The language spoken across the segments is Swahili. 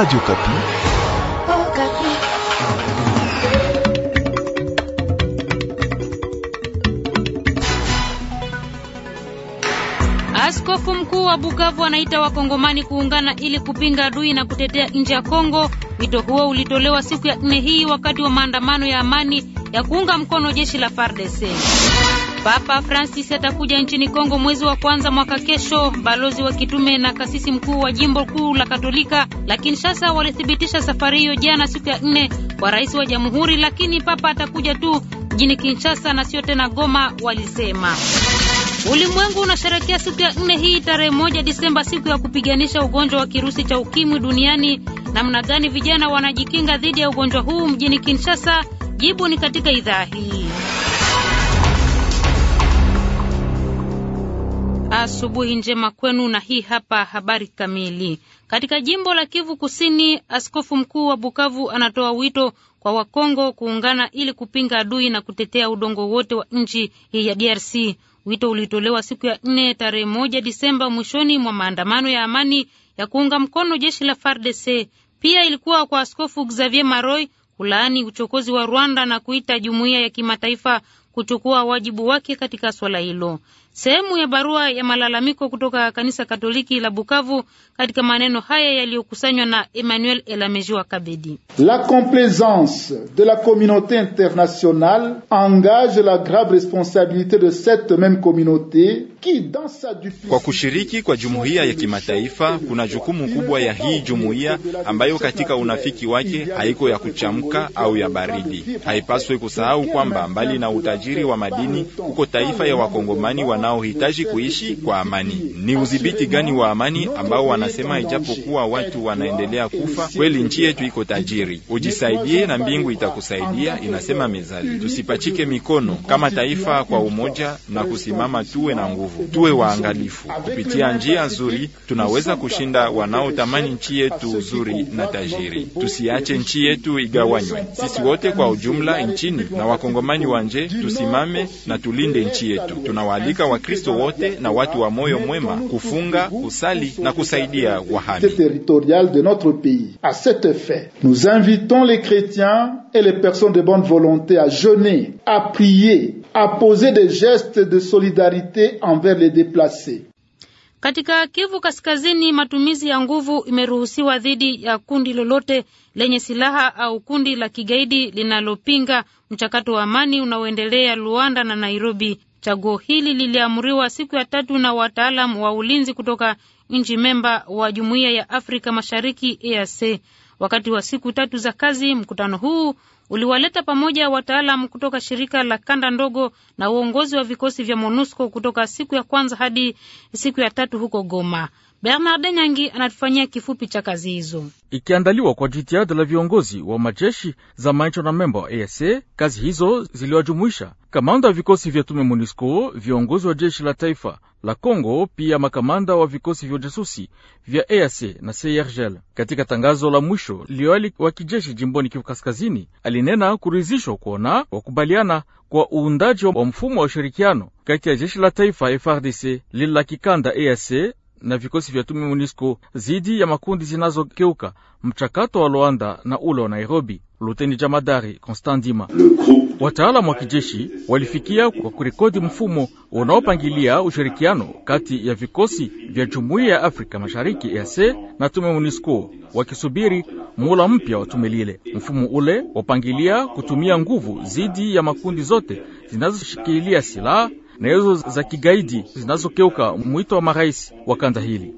Radio Okapi. Oh, Askofu mkuu wa Bukavu anaita wakongomani kuungana ili kupinga adui na kutetea nchi ya Kongo. Wito huo ulitolewa siku ya nne hii wakati wa maandamano ya amani ya kuunga mkono jeshi la FARDC. Papa Francis atakuja nchini Kongo mwezi wa kwanza mwaka kesho. Balozi wa kitume na kasisi mkuu wa jimbo kuu la Katolika la Kinshasa walithibitisha safari hiyo jana, siku ya nne, kwa rais wa jamhuri, lakini papa atakuja tu mjini Kinshasa na sio tena Goma, walisema. Ulimwengu unasherekea siku ya nne hii tarehe moja Disemba, siku ya kupiganisha ugonjwa wa kirusi cha ukimwi duniani. Namna gani vijana wanajikinga dhidi ya ugonjwa huu mjini Kinshasa? Jibu ni katika idhaa hii. Asubuhi njema kwenu na hii hapa habari kamili. Katika jimbo la Kivu Kusini, askofu mkuu wa Bukavu anatoa wito kwa Wakongo kuungana ili kupinga adui na kutetea udongo wote wa nchi hii ya DRC. Wito ulitolewa siku ya nne tarehe moja Disemba mwishoni mwa maandamano ya amani ya kuunga mkono jeshi la FARDC. Pia ilikuwa kwa askofu Xavier Maroy kulaani uchokozi wa Rwanda na kuita jumuiya ya kimataifa kuchukua wajibu wake katika swala hilo. Sehemu ya barua ya malalamiko kutoka kanisa Katoliki la Bukavu katika maneno haya yaliyokusanywa na Emmanuel elamejiwa Kabedi. La complaisance de la communauté internationale engage la grave responsabilité de cette même communauté qui dans sa duplicité. Kwa kushiriki kwa jumuiya ya kimataifa kuna jukumu kubwa ya hii jumuiya ambayo katika unafiki wake haiko ya kuchamka au ya baridi. Haipaswi kusahau kwamba mbali na utajiri wa madini uko taifa ya wakongomani wa wanaohitaji kuishi kwa amani. Ni udhibiti gani wa amani ambao wanasema ijapokuwa watu wanaendelea kufa, kweli nchi yetu iko tajiri. Ujisaidie na mbingu itakusaidia, inasema mezali. Tusipachike mikono kama taifa kwa umoja na kusimama, tuwe na nguvu, tuwe waangalifu. Kupitia njia nzuri tunaweza kushinda wanaotamani nchi yetu nzuri na tajiri. Tusiache nchi yetu igawanywe. Sisi wote kwa ujumla nchini na wakongomani wa nje tusimame na tulinde nchi yetu. Tunawaalika Wakristo wote na watu wa moyo mwema kufunga, kusali na kusaidia wahami. À cet effet, nous invitons les chrétiens et les personnes de bonne volonté à jeûner, à prier, à poser des gestes de solidarité envers les déplacés. Katika Kivu Kaskazini, matumizi ya nguvu imeruhusiwa dhidi ya kundi lolote lenye silaha au kundi la kigaidi linalopinga mchakato wa amani unaoendelea Luanda na Nairobi. Chaguo hili liliamriwa siku ya tatu na wataalam wa ulinzi kutoka nchi memba wa Jumuiya ya Afrika Mashariki EAC. Wakati wa siku tatu za kazi, mkutano huu uliwaleta pamoja wataalam kutoka shirika la kanda ndogo na uongozi wa vikosi vya MONUSCO kutoka siku ya kwanza hadi siku ya tatu huko Goma. Bernard Nyangi anatufanyia kifupi cha kazi hizo, ikiandaliwa kwa jitihada la viongozi wa majeshi za maicho na memba wa EAC. Kazi hizo ziliwajumuisha kamanda wa vikosi vya tume MONUSCO, viongozi wa jeshi la taifa la Congo, pia makamanda wa vikosi vya ujasusi vya EAC na CIRGL. Katika tangazo la mwisho, liwali wa kijeshi jimboni Kivu Kaskazini alinena kuridhishwa kuona wakubaliana kwa uundaji wa mfumo wa ushirikiano kati ya jeshi la taifa FRDC, lila kikanda EAC na vikosi vya tume MONUSCO zidi ya makundi zinazokeuka mchakato wa Luanda na ule wa Nairobi. Luteni jamadari Constant dima wataalamu wa kijeshi walifikia kwa kurekodi mfumo unaopangilia ushirikiano kati ya vikosi vya jumuiya ya Afrika Mashariki EAC na tume MONUSCO, wakisubiri mula mpya wa tume lile. Mfumo ule wapangilia kutumia nguvu zidi ya makundi zote zinazoshikilia silaha na hizo za kigaidi zinazokeuka mwito wa marais wa kanda hili.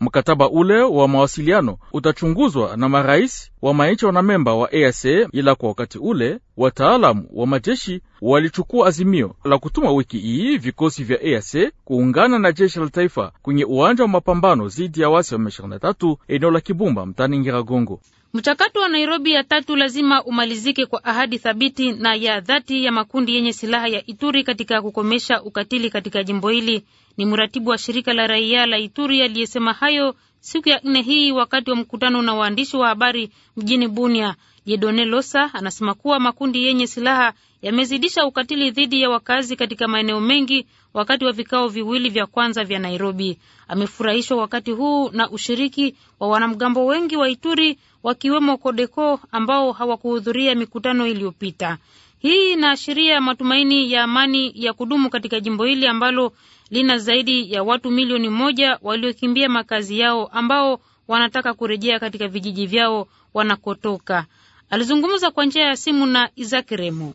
Mkataba ule wa mawasiliano utachunguzwa na marais wa maicha memba wa EAC, ila kwa wakati ule wataalamu wa majeshi walichukua azimio la kutuma wiki hii vikosi vya EAC kuungana na jeshi la taifa kwenye uwanja wa mapambano dhidi ya wasi wa M23 eneo la Kibumba mtani Ngiragongo. Mchakato wa Nairobi ya tatu lazima umalizike kwa ahadi thabiti na ya dhati ya makundi yenye silaha ya Ituri katika kukomesha ukatili katika jimbo hili. Ni mratibu wa shirika la raia la Ituri aliyesema hayo siku ya nne hii wakati wa mkutano na waandishi wa habari mjini Bunia. Jedone Losa anasema kuwa makundi yenye silaha yamezidisha ukatili dhidi ya wakazi katika maeneo mengi wakati wa vikao viwili vya kwanza vya Nairobi. Amefurahishwa wakati huu na ushiriki wa wanamgambo wengi wa Ituri wakiwemo Kodeko ambao hawakuhudhuria mikutano iliyopita. Hii inaashiria matumaini ya amani ya kudumu katika jimbo hili ambalo lina zaidi ya watu milioni moja waliokimbia makazi yao ambao wanataka kurejea katika vijiji vyao wanakotoka. Alizungumza kwa njia ya simu na Isaac Remo.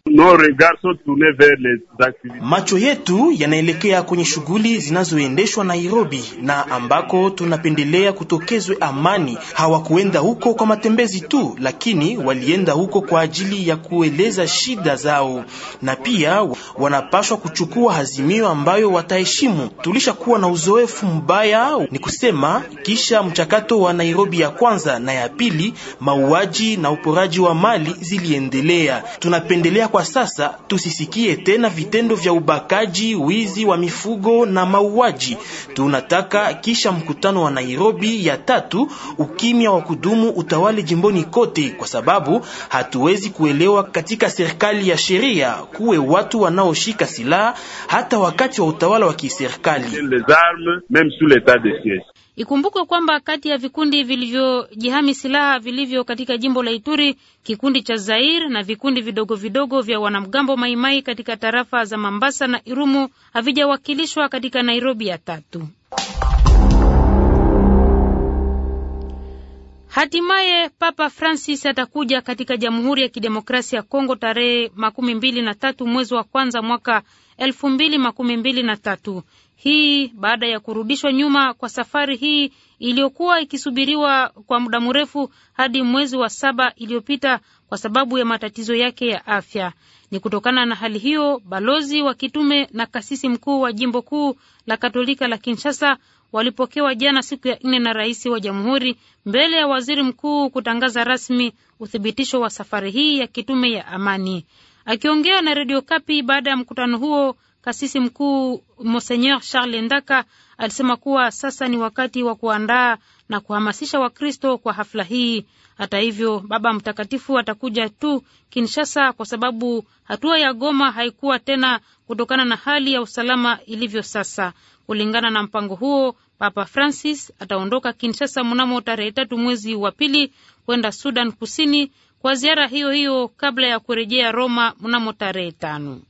Macho yetu yanaelekea kwenye shughuli zinazoendeshwa Nairobi na ambako tunapendelea kutokezwe amani. Hawakuenda huko kwa matembezi tu, lakini walienda huko kwa ajili ya kueleza shida zao, na pia wanapashwa kuchukua hazimio ambayo wataheshimu. Tulishakuwa na uzoefu mbaya, ni kusema kisha mchakato wa Nairobi ya kwanza na ya pili, mauaji na uporaji wa mali ziliendelea. Tunapendelea kwa sasa tusisikie tena vitendo vya ubakaji, wizi wa mifugo na mauaji. Tunataka kisha mkutano wa Nairobi ya tatu, ukimya wa kudumu utawale jimboni kote, kwa sababu hatuwezi kuelewa katika serikali ya sheria kuwe watu wanaoshika silaha hata wakati wa utawala wa kiserikali. Ikumbukwe kwamba kati ya vikundi vilivyojihami silaha vilivyo katika jimbo la Ituri, kikundi cha Zair na vikundi vidogo vidogo vya wanamgambo Maimai katika tarafa za Mambasa na Irumu havijawakilishwa katika Nairobi ya tatu. Hatimaye Papa Francis atakuja katika Jamhuri ya Kidemokrasia ya Kongo tarehe makumi mbili na tatu mwezi wa kwanza mwaka elfu mbili makumi mbili na tatu. Hii baada ya kurudishwa nyuma kwa safari hii iliyokuwa ikisubiriwa kwa muda mrefu hadi mwezi wa saba iliyopita kwa sababu ya matatizo yake ya afya. Ni kutokana na hali hiyo, balozi wa kitume na kasisi mkuu wa jimbo kuu la Katolika la Kinshasa walipokewa jana siku ya nne na rais wa jamhuri mbele ya waziri mkuu kutangaza rasmi uthibitisho wa safari hii ya kitume ya amani. Akiongea na redio Kapi baada ya mkutano huo, Kasisi mkuu Monseigneur Charles Ndaka alisema kuwa sasa ni wakati wa kuandaa na kuhamasisha Wakristo kwa hafla hii. Hata hivyo, Baba Mtakatifu atakuja tu Kinshasa kwa sababu hatua ya Goma haikuwa tena kutokana na hali ya usalama ilivyo sasa. Kulingana na mpango huo, Papa Francis ataondoka Kinshasa mnamo tarehe tatu mwezi wa pili kwenda Sudan Kusini kwa ziara hiyo hiyo kabla ya kurejea Roma mnamo tarehe tano.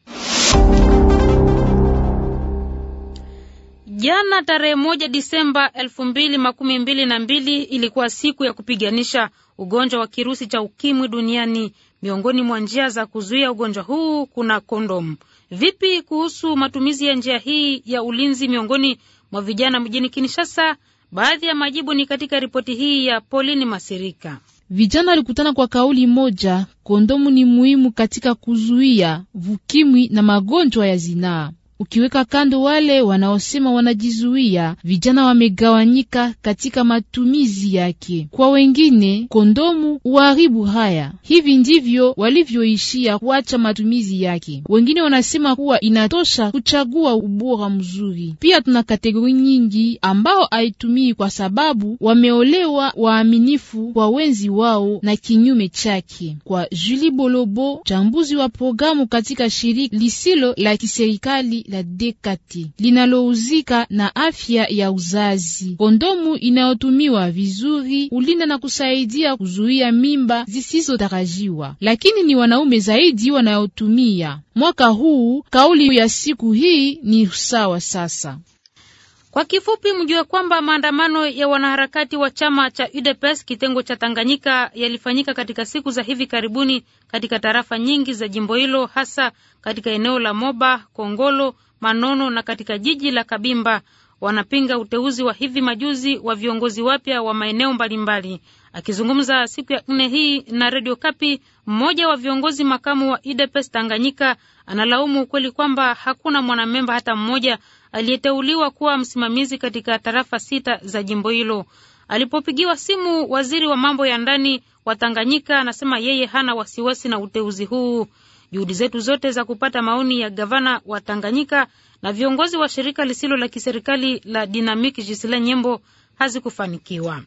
Jana tarehe moja Disemba elfu mbili makumi mbili na mbili ilikuwa siku ya kupiganisha ugonjwa wa kirusi cha ukimwi duniani. Miongoni mwa njia za kuzuia ugonjwa huu kuna kondom. Vipi kuhusu matumizi ya njia hii ya ulinzi miongoni mwa vijana mjini Kinshasa? Baadhi ya majibu ni katika ripoti hii ya Pauline Masirika. Vijana walikutana kwa kauli moja, kondomu ni muhimu katika kuzuia vukimwi na magonjwa ya zinaa ukiweka kando wale wanaosema wanajizuia. Vijana wamegawanyika katika matumizi yake, kwa wengine kondomu uharibu haya. Hivi ndivyo walivyoishia kuacha matumizi yake. Wengine wanasema kuwa inatosha kuchagua ubora mzuri. Pia tuna kategori nyingi ambao haitumii kwa sababu wameolewa waaminifu kwa wenzi wao na kinyume chake. Kwa Julie Bolobo, chambuzi wa programu katika shirika lisilo la kiserikali la Dekate linalouzika na afya ya uzazi. Kondomu inayotumiwa vizuri ulinda na kusaidia kuzuia mimba zisizotarajiwa, lakini ni wanaume zaidi wanayotumia. Mwaka huu kauli ya siku hii ni sawa sasa. Kwa kifupi, mjue kwamba maandamano ya wanaharakati wa chama cha UDPS kitengo cha Tanganyika yalifanyika katika siku za hivi karibuni katika tarafa nyingi za jimbo hilo, hasa katika eneo la Moba, Kongolo, Manono na katika jiji la Kabimba. Wanapinga uteuzi wa hivi majuzi wa viongozi wapya wa maeneo mbalimbali. Akizungumza siku ya nne hii na Radio Kapi, mmoja wa viongozi makamu wa UDPS Tanganyika analaumu ukweli kwamba hakuna mwanamemba hata mmoja aliyeteuliwa kuwa msimamizi katika tarafa sita za jimbo hilo. Alipopigiwa simu waziri wa mambo ya ndani wa Tanganyika anasema yeye hana wasiwasi na uteuzi huu. Juhudi zetu zote za kupata maoni ya gavana wa Tanganyika na viongozi wa shirika lisilo la kiserikali la Dinamiki Jisila Nyembo hazikufanikiwa.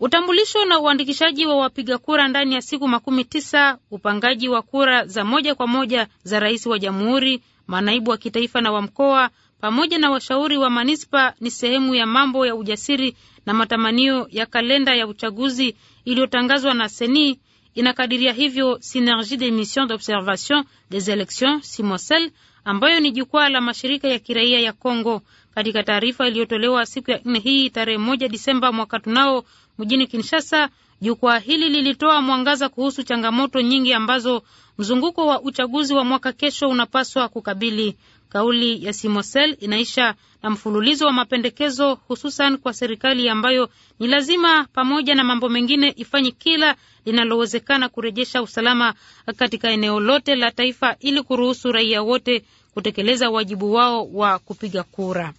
Utambulisho na uandikishaji wa wapiga kura ndani ya siku makumi tisa, upangaji wa kura za moja kwa moja za rais wa jamhuri, manaibu wa kitaifa na wa mkoa, pamoja na washauri wa manispa ni sehemu ya mambo ya ujasiri na matamanio ya kalenda ya uchaguzi iliyotangazwa na Seni. Inakadiria hivyo Synergie des missions d'observation des elections SIMOSEL, ambayo ni jukwaa la mashirika ya kiraia ya congo Katika taarifa iliyotolewa siku ya nne hii tarehe moja Disemba mwaka tunao mjini Kinshasa, jukwaa hili lilitoa mwangaza kuhusu changamoto nyingi ambazo mzunguko wa uchaguzi wa mwaka kesho unapaswa kukabili. Kauli ya Simosel inaisha na mfululizo wa mapendekezo hususan kwa serikali ambayo ni lazima pamoja na mambo mengine ifanye kila linalowezekana kurejesha usalama katika eneo lote la taifa ili kuruhusu raia wote kutekeleza wajibu wao wa kupiga kura.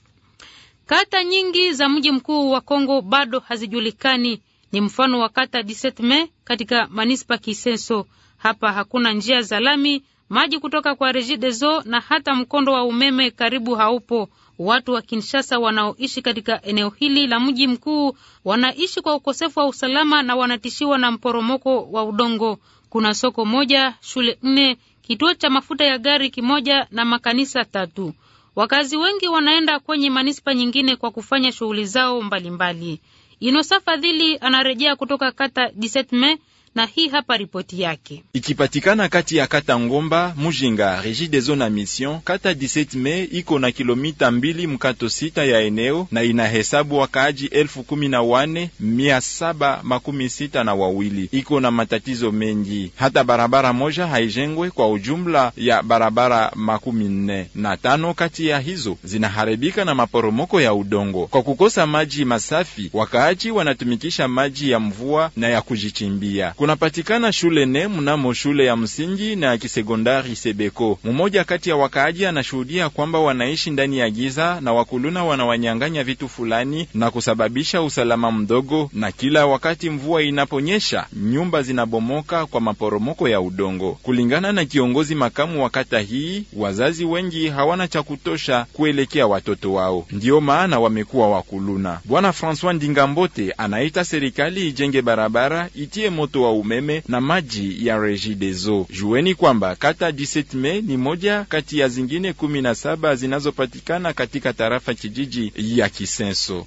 Kata nyingi za mji mkuu wa Kongo bado hazijulikani. Ni mfano wa kata Disetme katika manispa Kisenso. Hapa hakuna njia za lami maji kutoka kwa Regideso na hata mkondo wa umeme karibu haupo. Watu wa Kinshasa wanaoishi katika eneo hili la mji mkuu wanaishi kwa ukosefu wa usalama na wanatishiwa na mporomoko wa udongo. Kuna soko moja, shule nne, kituo cha mafuta ya gari kimoja na makanisa tatu. Wakazi wengi wanaenda kwenye manispa nyingine kwa kufanya shughuli zao mbalimbali. Inosa Fadhili anarejea kutoka kata Mei na hii hapa ripoti yake. Ikipatikana kati ya kata Ngomba Mujinga, Regideso na Mission, kata 17 Mei iko na kilomita mbili mkato sita ya eneo na inahesabu wakaaji elfu kumi na wane mia saba makumi sita na wawili. Iko na matatizo mengi, hata barabara moja haijengwe kwa ujumla ya barabara makumi nne na tano kati ya hizo zinaharibika na maporomoko ya udongo kwa kukosa maji masafi. Wakaaji wanatumikisha maji ya mvua na ya kujichimbia kunapatikana shule ne mnamo shule ya msingi na ya kisekondari Sebeko. Mmoja kati ya wakaaji anashuhudia kwamba wanaishi ndani ya giza na wakuluna wanawanyang'anya vitu fulani na kusababisha usalama mdogo, na kila wakati mvua inaponyesha nyumba zinabomoka kwa maporomoko ya udongo. Kulingana na kiongozi makamu wa kata hii, wazazi wengi hawana cha kutosha kuelekea watoto wao, ndiyo maana wamekuwa wakuluna. Bwana Francois Ndingambote anaita serikali ijenge barabara, itie moto wa umeme na maji ya Regideso. Jueni kwamba kata 17 me ni moja kati ya zingine kumi na saba zinazopatikana katika tarafa kijiji ya Kisenso.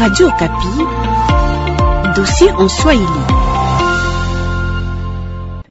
Radio Kapi, dossier en Swahili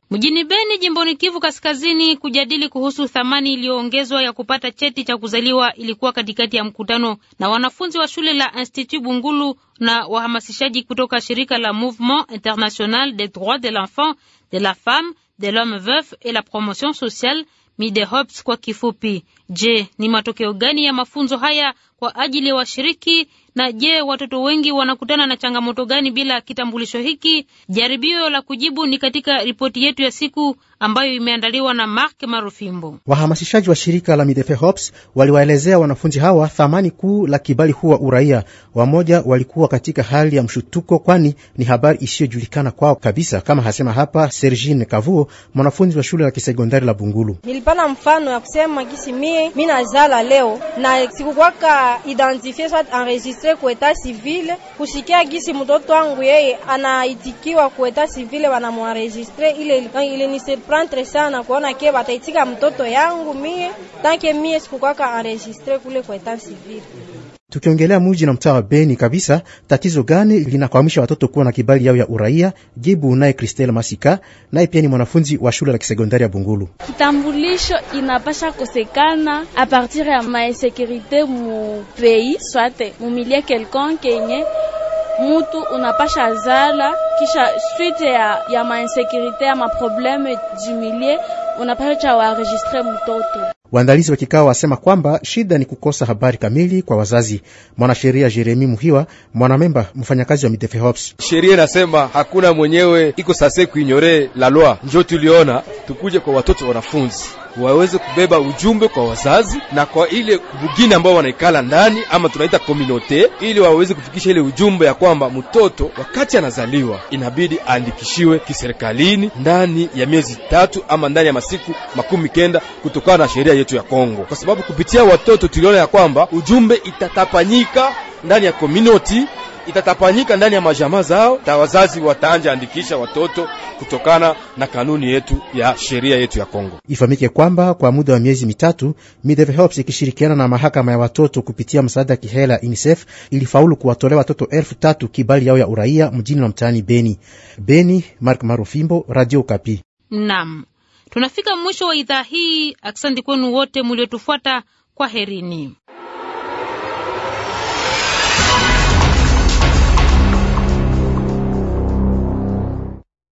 mjini Beni jimboni Kivu Kaskazini kujadili kuhusu thamani iliyoongezwa ya kupata cheti cha kuzaliwa ilikuwa katikati ya mkutano na wanafunzi wa shule la Institut Bungulu na wahamasishaji kutoka shirika la Mouvement International des Droits de l'Enfant, de la Femme, de l'Homme Veuf et la Promotion Sociale, Midehops kwa kifupi. Je, ni matokeo gani ya mafunzo haya kwa ajili ya washiriki? Na je, watoto wengi wanakutana na changamoto gani bila kitambulisho hiki? Jaribio la kujibu ni katika ripoti yetu ya siku ambayo imeandaliwa na Mark Marufimbo. Wahamasishaji wa shirika la Midefe Hops waliwaelezea wanafunzi hawa thamani kuu la kibali huwa uraia. Wamoja walikuwa katika hali ya mshutuko, kwani ni habari isiyojulikana kwao kabisa, kama hasema hapa Sergine Kavuo, mwanafunzi wa shule la kisekondari la Bungulu. Nilipana mfano ya kusema kisi mi mie minazala leo na sikukwaka identifie soit enregistre ku eta civile, kusikia gisi mtoto wangu yeye anaitikiwa ku eta civile, wanamwanregistre ile ile sana kuona ke bataitika mtoto yangu mie tanke mie sikukwaka enregistre kule ku eta civile. Tukiongelea muji na mtaa wa Beni kabisa, tatizo gani linakwamisha watoto kuwa na kibali yao ya uraia? Jibu naye Kristel Masika, naye pia ni mwanafunzi wa shule la kisekondari ya Bungulu. Kitambulisho inapasha kosekana a partir ya maesekurite mu pays swate mumilie quelconque yenye mutu unapasha zala kisha suite ya, ya mainsekurite ya maprobleme du milie unapasha waregistre mtoto Waandalizi wa kikao wasema kwamba shida ni kukosa habari kamili kwa wazazi. Mwanasheria Jeremi Muhiwa, mwanamemba mfanyakazi wa Midefehops: sheria inasema hakuna mwenyewe iko sase kuinyore la lwa, njo tuliona tukuje kwa watoto wanafunzi waweze kubeba ujumbe kwa wazazi na kwa ile bugini ambao wanaikala ndani, ama tunaita komunote, ili waweze kufikisha ile ujumbe ya kwamba mtoto wakati anazaliwa inabidi aandikishiwe kiserikalini ndani ya miezi tatu ama ndani ya masiku makumi kenda kutokana na sheria yetu ya Kongo, kwa sababu kupitia watoto tuliona ya kwamba ujumbe itatapanyika ndani ya community itatapanyika ndani ya majamaa zao, ta wazazi wataanja andikisha watoto kutokana na kanuni yetu ya sheria yetu ya Kongo. Ifahamike kwamba kwa muda wa miezi mitatu Midevhelps ikishirikiana na mahakama ya watoto kupitia msaada ya kihela UNICEF ilifaulu kuwatolea watoto elfu tatu kibali yao ya uraia mjini na mtaani Beni. Beni, Mark Marufimbo, Radio Kapi. Naam, tunafika mwisho wa idhaa hii. Asante kwenu wote mliotufuata, kwa herini.